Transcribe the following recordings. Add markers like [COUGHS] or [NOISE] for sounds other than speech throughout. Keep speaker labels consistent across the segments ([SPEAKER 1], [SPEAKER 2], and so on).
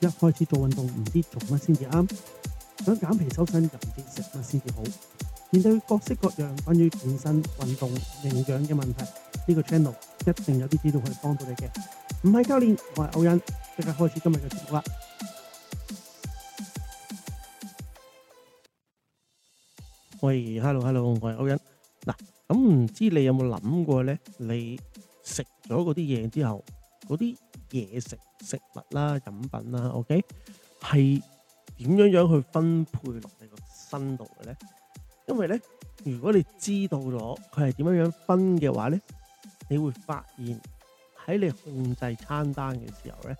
[SPEAKER 1] 一開始做運動唔知做乜先至啱，想減肥修身又唔知食乜先至好。面對各式各樣關於健身、運動、營養嘅問題，呢個 channel 一定有啲資料可以幫到你嘅。唔係教練，我係歐恩，即刻開始今日嘅節目啦。喂，hello hello，我係歐恩。嗱，唔知你有冇諗過呢？你食咗嗰啲嘢之後，嗰啲。嘢食食物啦、飲品啦，OK，係點樣樣去分配落你個身度嘅咧？因為咧，如果你知道咗佢係點樣樣分嘅話咧，你會發現喺你控制餐單嘅時候咧，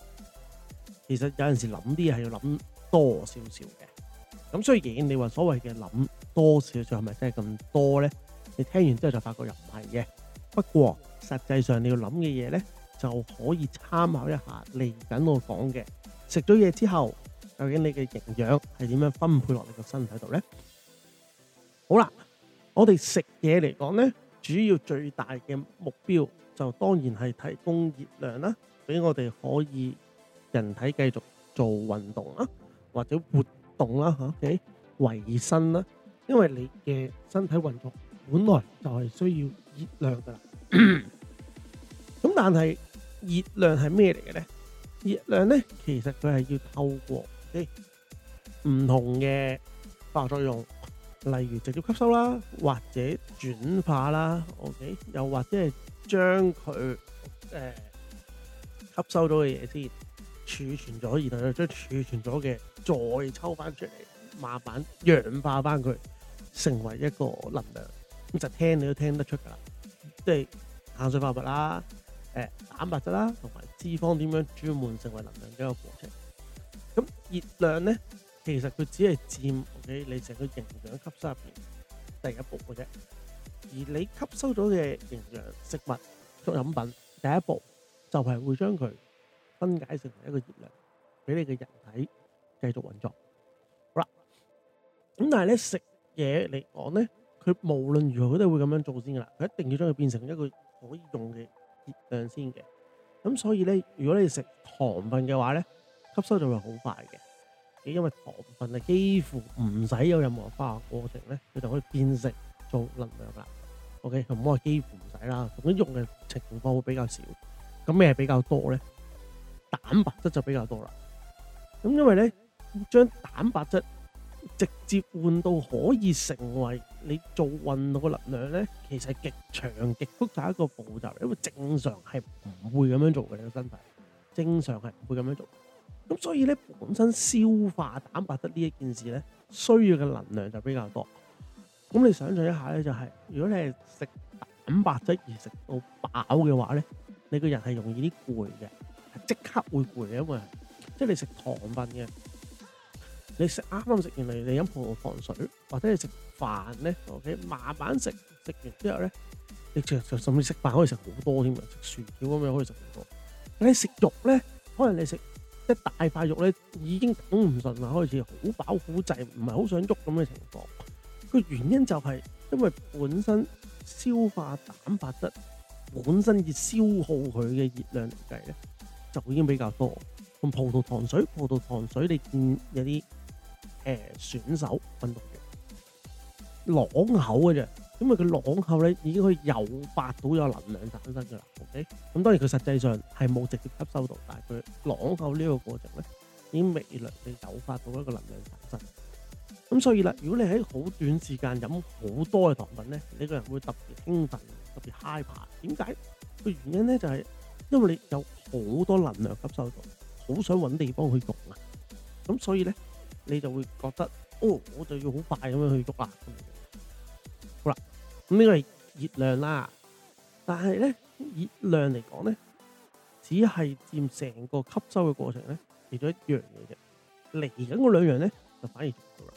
[SPEAKER 1] 其實有陣時諗啲嘢係要諗多少少嘅。咁雖然你話所謂嘅諗多少少係咪真係咁多咧？你聽完之後就發覺又唔係嘅。不過實際上你要諗嘅嘢咧。就可以參考一下嚟緊我講嘅，食咗嘢之後，究竟你嘅營養係點樣分配落你個身體度咧？好啦，我哋食嘢嚟講咧，主要最大嘅目標就當然係提供熱量啦，俾我哋可以人體繼續做運動啦，或者活動啦吓，OK，維生啦，因為你嘅身體運作本來就係需要熱量噶，咁 [COUGHS] 但係。熱量係咩嚟嘅咧？熱量咧，其實佢係要透過啲唔同嘅化學作用，例如直接吸收啦，或者轉化啦，OK，又或者係將佢誒吸收咗嘅嘢先儲存咗，然後又將儲存咗嘅再抽翻出嚟，慢慢氧化翻佢，成為一個能量。咁就聽你都聽得出噶啦，即係碳水化合物啦。誒，蛋白質啦，同埋脂肪點樣轉換成為能量嘅一個過程？咁熱量咧，其實佢只係佔你成個營養吸收入邊第一步嘅啫。而你吸收咗嘅營養食物、咗飲品，第一步就係會將佢分解成為一個熱量，俾你嘅人體繼續運作。好啦，咁但係咧食嘢嚟講咧，佢無論如何都係會咁樣做先噶啦。佢一定要將佢變成一個可以用嘅。量先嘅，咁所以咧，如果你食糖分嘅話咧，吸收就會好快嘅，因為糖分啊，幾乎唔使有任何化學過程咧，佢就可以變成做能量啦。OK，唔好話幾乎唔使啦，同啲肉嘅情況會比較少。咁咩比較多咧？蛋白質就比較多啦。咁因為咧，將蛋白質。直接換到可以成為你做運動嘅能量咧，其實係極長極複雜一個步驟，因為正常係唔會咁樣做嘅，你個身體正常係唔會咁樣做。咁所以咧，本身消化蛋白質呢一件事咧，需要嘅能量就比較多。咁你想像一下咧，就係如果你係食蛋白質而食到飽嘅話咧，你個人係容易啲攰嘅，即刻會攰嘅，因為即係你食糖分嘅。你食啱啱食完嚟，你飲葡萄糖水或者你食飯咧，OK？慢慢食食完之後咧，你仲就甚至食飯可以食好多添啊！食薯條咁樣可以食好多。但係你食肉咧，可能你食一大塊肉咧，已經頂唔順啦，開始好飽好滯，唔係好想喐咁嘅情況。個原因就係因為本身消化蛋白質本身要消耗佢嘅熱量嚟計咧，就已經比較多。咁葡萄糖水、葡萄糖水，你見有啲。誒、選手運動員，朗口嘅啫，因為，佢朗口咧，已經可以誘發到有能量產生噶啦，OK，咁當然佢實際上係冇直接吸收到，但係佢朗口呢個過程咧，已微量地誘發到一個能量產生。咁所以啦，如果你喺好短時間飲好多嘅糖分咧，你這個人會特別興奮，特別 high。點解？個原因咧就係因為你有好多能量吸收到，好想揾地方去用啊，咁所以咧。你就會覺得，哦，我就要好快咁樣去喐啦。好啦，咁呢個係熱量啦。但係咧，熱量嚟講咧，只係佔成個吸收嘅過程咧其中一樣嘢啫。嚟緊嗰兩樣咧，就反而做唔到啦。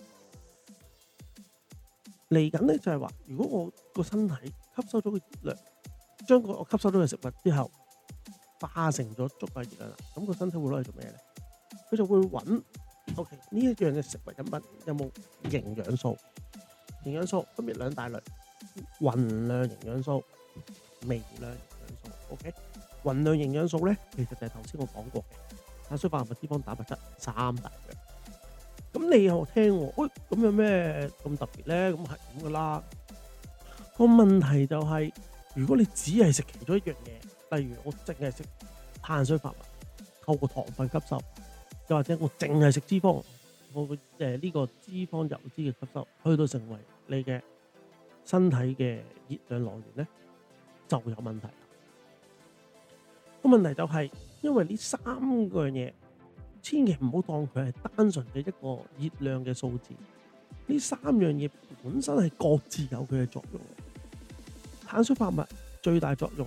[SPEAKER 1] 嚟緊咧就係話，如果我個身體吸收咗嘅熱量，將個我吸收咗嘅食物之後，化成咗足夠熱量啦，咁個身體會攞嚟做咩咧？佢就會搵。呢一樣嘅食物飲品有冇營養素？營養素分別兩大類，宏量營養素、微量營養素。O K，宏量營養素咧，其實就係頭先我講過嘅，碳水化合物、脂肪、蛋白質三大樣。咁你又聽我喂，咁有咩咁特別咧？咁係咁噶啦。個問題就係，如果你只係食其中一樣嘢，例如我淨係食碳水化合物，透過糖分吸收。或者我淨係食脂肪，我嘅誒呢個脂肪油脂嘅吸收去到成為你嘅身體嘅熱量來源咧，就有問題。個問題就係因為呢三樣嘢，千祈唔好當佢係單純嘅一個熱量嘅數字。呢三樣嘢本身係各自有佢嘅作用。碳水化合物最大作用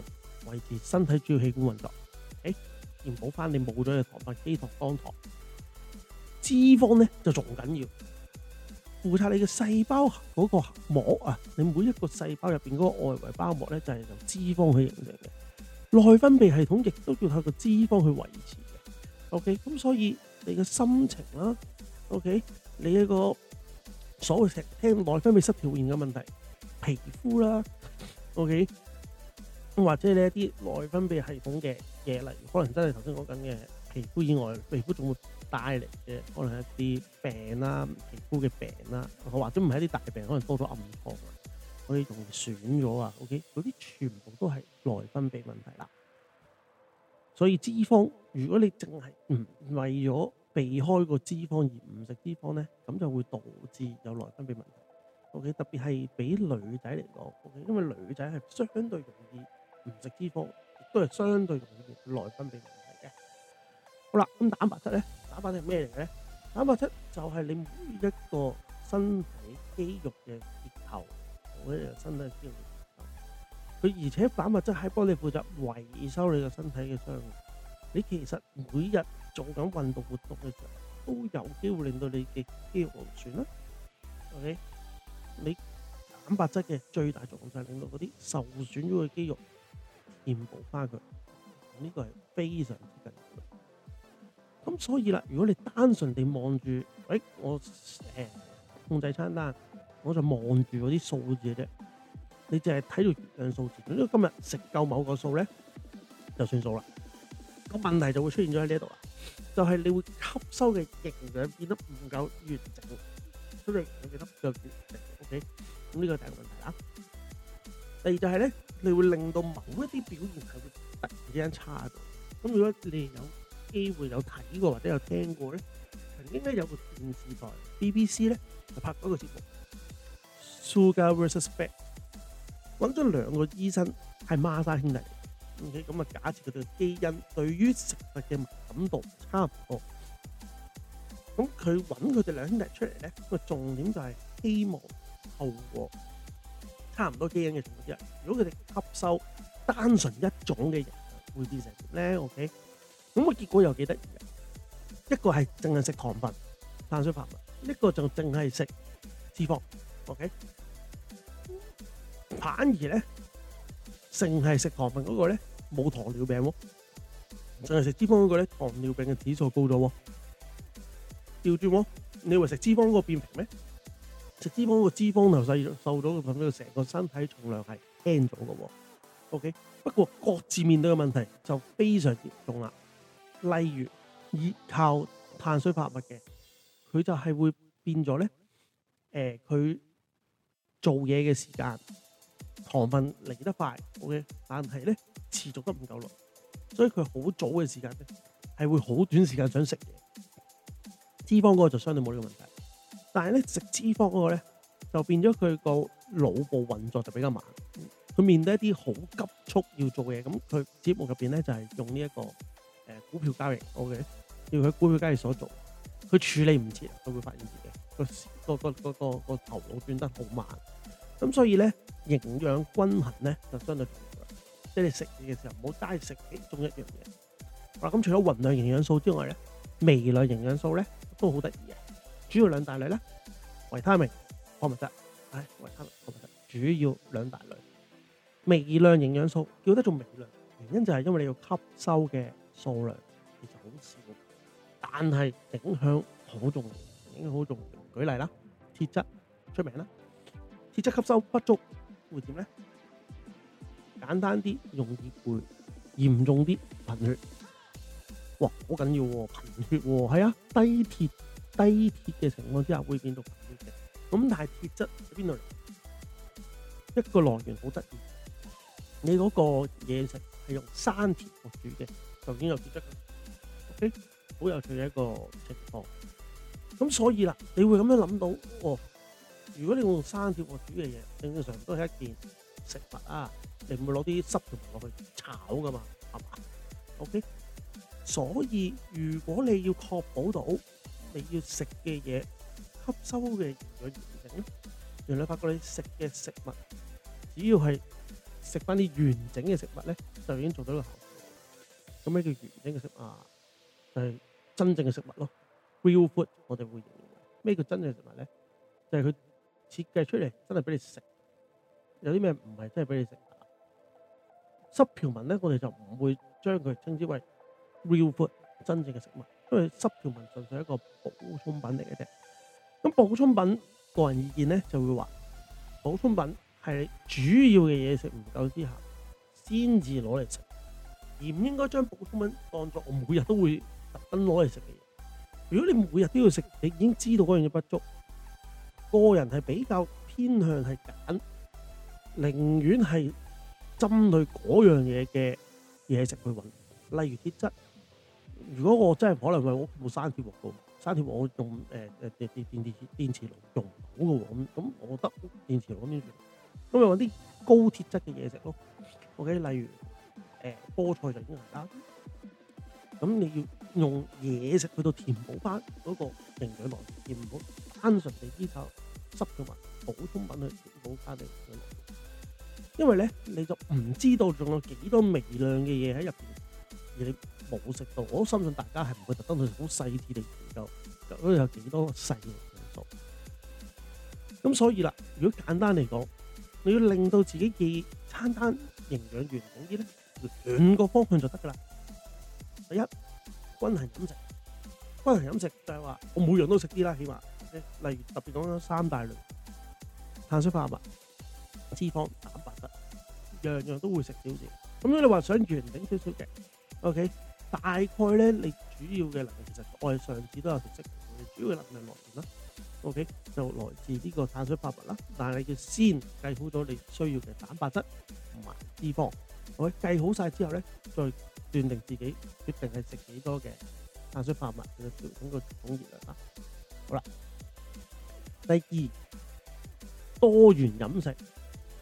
[SPEAKER 1] 維持身體主要器官運作，誒，填補翻你冇咗嘅糖分，肌糖、肝糖。脂肪咧就仲緊要，負責你嘅細胞嗰個膜啊，你每一個細胞入邊嗰個外圍包膜咧就係由脂肪去形成嘅。內分泌系統亦都要靠個脂肪去維持嘅。OK，咁所以你嘅心情啦，OK，你一個所謂成聽內分泌失調症嘅問題，皮膚啦，OK，或者你一啲內分泌系統嘅嘢，例如可能真係頭先講緊嘅皮膚以外，皮膚仲會。帶嚟嘅可能係一啲病啦、啊，皮膚嘅病啦、啊，或者唔係一啲大病，可能多咗暗瘡啊，可以容易損咗啊。O K，嗰啲全部都係內分泌問題啦。所以脂肪，如果你淨係唔為咗避開個脂肪而唔食脂肪咧，咁就會導致有內分泌問題。OK，特別係俾女仔嚟講，O K，因為女仔係相對容易唔食脂肪，亦都係相對容易內分泌問題嘅。好啦，咁蛋白質咧。蛋白質係咩嚟嘅咧？蛋白質就係你每一個身體肌肉嘅結構，我咧就身體肌肉。佢而且蛋白質係幫你負責維修你個身體嘅傷。你其實每日做緊運動活動嘅時候，都有機會令到你嘅肌肉勞損啦。O.K. 你蛋白質嘅最大作用就係令到嗰啲受損咗嘅肌肉填補翻佢。呢個係非常之緊。咁所以啦，如果你單純地望住，誒我誒控制餐單，我就望住嗰啲數字嘅啫。你淨係睇到熱量數字，如果今日食夠某個數咧，就算數啦。個問題就會出現咗喺呢一度啦，就係你會吸收嘅營養變得唔夠完整，所以我覺得、OK? 就唔 OK。咁呢個第一個問題啦。第二就係咧，你會令到某一啲表現係會突然之間差咗。咁如果你有機會有睇過或者有聽過咧，曾經咧有個電視台 BBC 咧就拍咗個節目，Sugar vs Bread，揾咗兩個醫生係孖生兄弟，OK，咁啊假設佢哋嘅基因對於食物嘅感覺差唔多，咁佢揾佢哋兩兄弟出嚟咧，重點就係希望透過差唔多基因嘅情況之下，如果佢哋吸收單純一種嘅食物會變成點咧？OK。咁個結果又幾得意。一個係淨係食糖分、碳水化合物，一個就淨係食脂肪。O K，反而咧，淨係食糖分嗰個咧冇糖尿病喎，淨係食脂肪嗰個咧糖尿病嘅指數高咗，調轉喎。你話食脂肪嗰個變平咩？食脂肪個脂肪流失咗，瘦咗咁，所以成個身體重量係輕咗嘅。O K，不過各自面對嘅問題就非常嚴重啦。例如依靠碳水化合物嘅，佢就係會變咗咧。誒、呃，佢做嘢嘅時間，糖分嚟得快，OK，但係咧，持續得唔夠耐，所以佢好早嘅時間咧係會好短時間想食嘢。脂肪嗰個就相對冇呢個問題，但係咧，食脂肪嗰個咧就變咗佢個腦部運作就比較慢。佢面對一啲好急速要做嘢，咁佢節目入邊咧就係、是、用呢、這、一個。股票交易，OK，要佢股票交易所做，佢處理唔切，佢會發現自己個個個個個頭腦轉得好慢。咁所以咧，營養均衡咧就相對重要，即係食嘢嘅時候唔好齋食其中一樣嘢。嗱、啊，咁除咗宏量營養素之外咧，微量營養素咧都好得意嘅，主要兩大類咧，維他命、礦物質。唉、哎，維他命、礦物質，主要兩大類。微量營養素叫得做微量，原因就係因為你要吸收嘅數量。但係影響好重要，影響好重要。舉例啦，鐵質出名啦，鐵質吸收不足會點咧？簡單啲，容易攰；嚴重啲，貧血。哇，好緊要喎！貧血喎，係啊，低鐵低鐵嘅情況之下會變到貧血嘅。咁但係鐵質喺邊度嚟？一個來源好得意，你嗰個嘢食係用生鐵鑊煮嘅，究竟有鐵質 OK。OK？好有趣嘅一個情況，咁所以啦，你會咁樣諗到，哦，如果你用生鐵鑊煮嘅嘢，正正常都係一件食物啊，你唔會攞啲濕同落去炒噶嘛，係嘛？O K，所以如果你要確保到你要食嘅嘢吸收嘅嘅完整，原來你發覺你食嘅食物，只要係食翻啲完整嘅食物咧，就已經做到一個效果。咁咩叫完整嘅食物啊？就係、是、真正嘅食物咯，real food 我哋會形容咩叫真正嘅食物咧？就係、是、佢設計出嚟真係俾你食，有啲咩唔係真係俾你食？濕條文咧，我哋就唔會將佢稱之為 real food 真正嘅食物，因為濕條文純粹係一個補充品嚟嘅啫。咁補充品個人意見咧就會話，補充品係你主要嘅嘢食唔夠之下先至攞嚟食，而唔應該將補充品當作我每日都會。特登攞嚟食嘅嘢，如果你每日都要食，你已經知道嗰樣嘢不足。個人係比較偏向係揀，寧願係針對嗰樣嘢嘅嘢食去揾，例如鐵質。如果我真係可能為我冇生鐵鑊嘅，生鐵鑊我用誒誒電電電電電磁爐用唔到嘅喎，咁咁我覺得電磁爐呢，咁咪搵啲高鐵質嘅嘢食咯。OK，例如誒菠菜就已經係啦。咁你要？用嘢食去到填補翻嗰個營養落，而唔好單純地依靠濕貨、補充品去填補翻啲營養。因為咧，你就唔知道仲有幾多微量嘅嘢喺入邊，而你冇食到。我相信大家係唔會特登去好細緻地研究究竟有幾多細嘅元素。咁所以啦，如果簡單嚟講，你要令到自己嘅餐單營養完整啲咧，兩個方向就得噶啦。第一。均衡飲食，均衡飲食就係話我每樣都食啲啦，起碼，例如特別講三大類：碳水化合物、脂肪、蛋白質，樣樣都會食少少。咁樣你話想圓頂少少嘅，OK，大概咧你主要嘅能力其實我上次都有提及，你主要嘅能量來源啦，OK 就來自呢個碳水化合物啦。但係你要先計好咗你需要嘅蛋白質同埋脂肪，OK，計好計好晒之後咧再。斷定自己決定係食幾多嘅碳水化合物，佢就調整個總熱量啦。好啦，第二，多元飲食，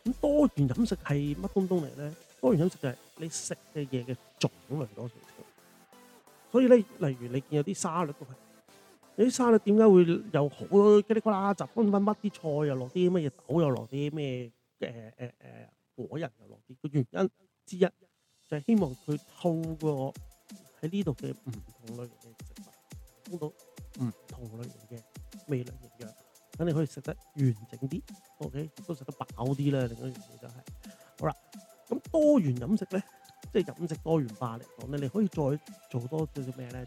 [SPEAKER 1] 咁多元飲食係乜東東嚟咧？多元飲食就係你食嘅嘢嘅種類多啲。所以咧，例如你見有啲沙律都係，有啲沙律點解會有好多嘰哩呱啦雜，分乜啲菜又落啲乜嘢豆又，又落啲咩嘅嘅嘅果仁又落啲，個原因之一。就是、希望佢透過喺呢度嘅唔同類型嘅食物，得到唔同類型嘅微量營養，等你可以食得完整啲，OK，都食得飽啲啦。另一件事就係、係，好啦，咁多元飲食咧，即係飲食多元化嚟講咧，你可以再做多少少咩咧，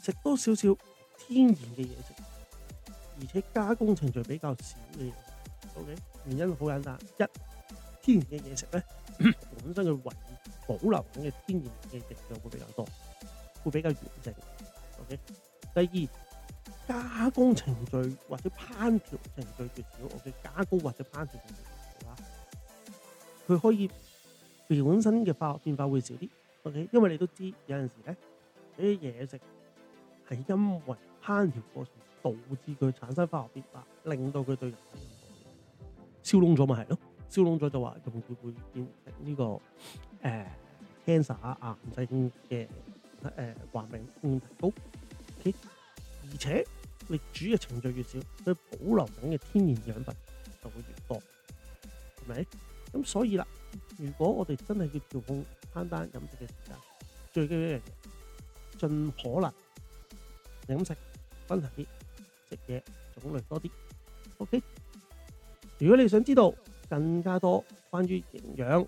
[SPEAKER 1] 食、就係、多少少天然嘅嘢食物，而且加工程序比較少嘅嘢。OK，原因好簡單，一。天然嘅嘢食咧， [COUGHS] 本身嘅維保留緊嘅天然嘅食就會比較多，會比較完整。OK，第二加工程序或者烹調程序越少，OK，我嘅加工或者烹調程序少啦，佢可以本身嘅化學變化會少啲。OK，因為你都知有陣時咧，啲嘢食係因為烹調過程導致佢產生化學變化，令到佢對人體燒窿咗咪係咯？燒燶咗就話容易會變成呢個誒、呃、cancer 癌症嘅誒患病風險提高。OK? 而且，你煮嘅程序越少，佢保留緊嘅天然養分就會越多，係咪？咁所以啦，如果我哋真係要調控餐單飲食嘅時間，最緊要嘅嘢，盡可能飲食均衡啲，食嘢種類多啲。O、OK? K，如果你想知道。更加多關於營養、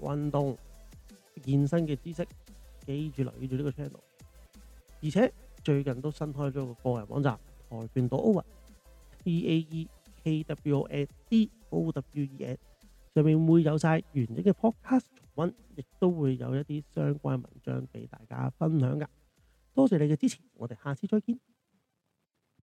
[SPEAKER 1] 運動、健身嘅知識，記住留意住呢個 channel，而且最近都新開咗個個人網站跆拳道 Owen T A E K W O N D O W E N，上面會有晒完整嘅 podcast 重溫，亦都會有一啲相關文章俾大家分享噶。多謝你嘅支持，我哋下次再見。